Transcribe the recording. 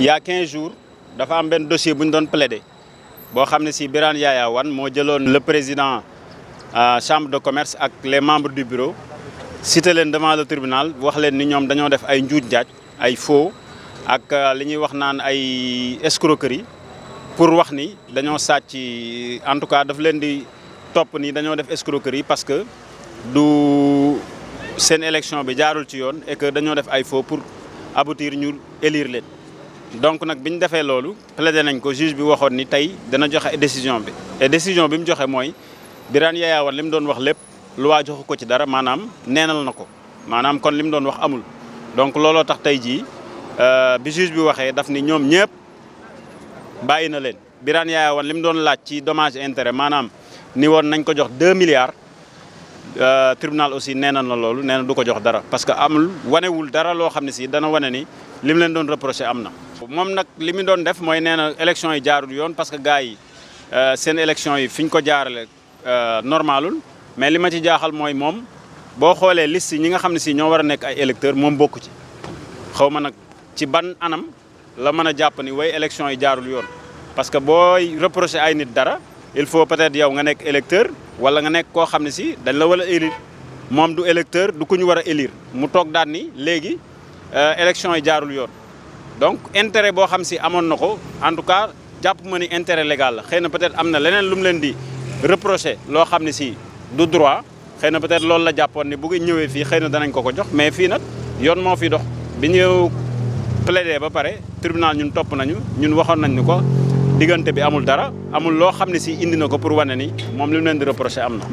il y a 15 jours dafa am benn dossier bu ñu plaider boo xam ne si Birane Yaya Wane moo le président euh, chambre de commerce ak les membres du bureau cité leen devant le tribunal wax leen ni ñoom dañoo def ay njuuj njaaj ay faux ak euh, li ñuy wax naan ay escroquerie pour wax ni dañoo sàcc en tout cas daf leen di topp ni dañoo def escroquerie parce que du seen élection bi jaarul ci yoon et que dañoo def ay faux pour aboutir ñu élire leen donc nag bi ñu defee loolu plaidé nañ ko juge bi waxoon ni tey dana joxe décision bi et décision bi mu joxe mooy Birane Yahya Wade li mu doon wax lépp loi joxu ko ci dara maanaam neenal na manam kon lim doon wax amul donc looloo tax tay ji euh bi juge bi waxee daf ni ñom ñepp bayina na biran Birane Yahya Wade doon laaj ci dommage intérêt manam ni won nañ ko jox 2 milliards Euh, tribunal aussi nee na loolu nee na du ko jox dara parce que amul wanewul dara loo xam ne si dana wane ni li mu leen doon reproché am na. moom nag li doon def mooy nee na élection yi jaarul yoon parce que gars yi euh, seen élection yi fi ñu ko jaarale euh, normalul mais li ma ci jaaxal mooy moom boo xoolee liste ñi nga xam ne si ñoo war a nekk ay électeurs moom bokku ci xaw ma nag ci ban anam la mën a jàpp ni way élection yi jaarul yoon parce que booy reproché ay nit dara il faut peut-être yow nga nekk électeur. wala nga nek ko xamni si dañ la wala élire mom du électeur du ku ñu war hamsi élire mu tok daan ni euh élection yi jaarul yoon donc intérêt reprose xam si amon nako en tout cas japp ma ni intérêt légal la peut-être amna leneen lum leen di reprocher lo xamni si du droit xeyna peut-être loolu la jappone ni bu ngi ñëwé fi xeyna na danañ ko ko jox mais fi nak yoon mo fi dox bi ñëw ba paré tribunal ñun top nañu ñun waxon nañ ni ko diggante bi amul dara amul loo xam ne si indi na ko pour wane ni moom li mu leen di am na.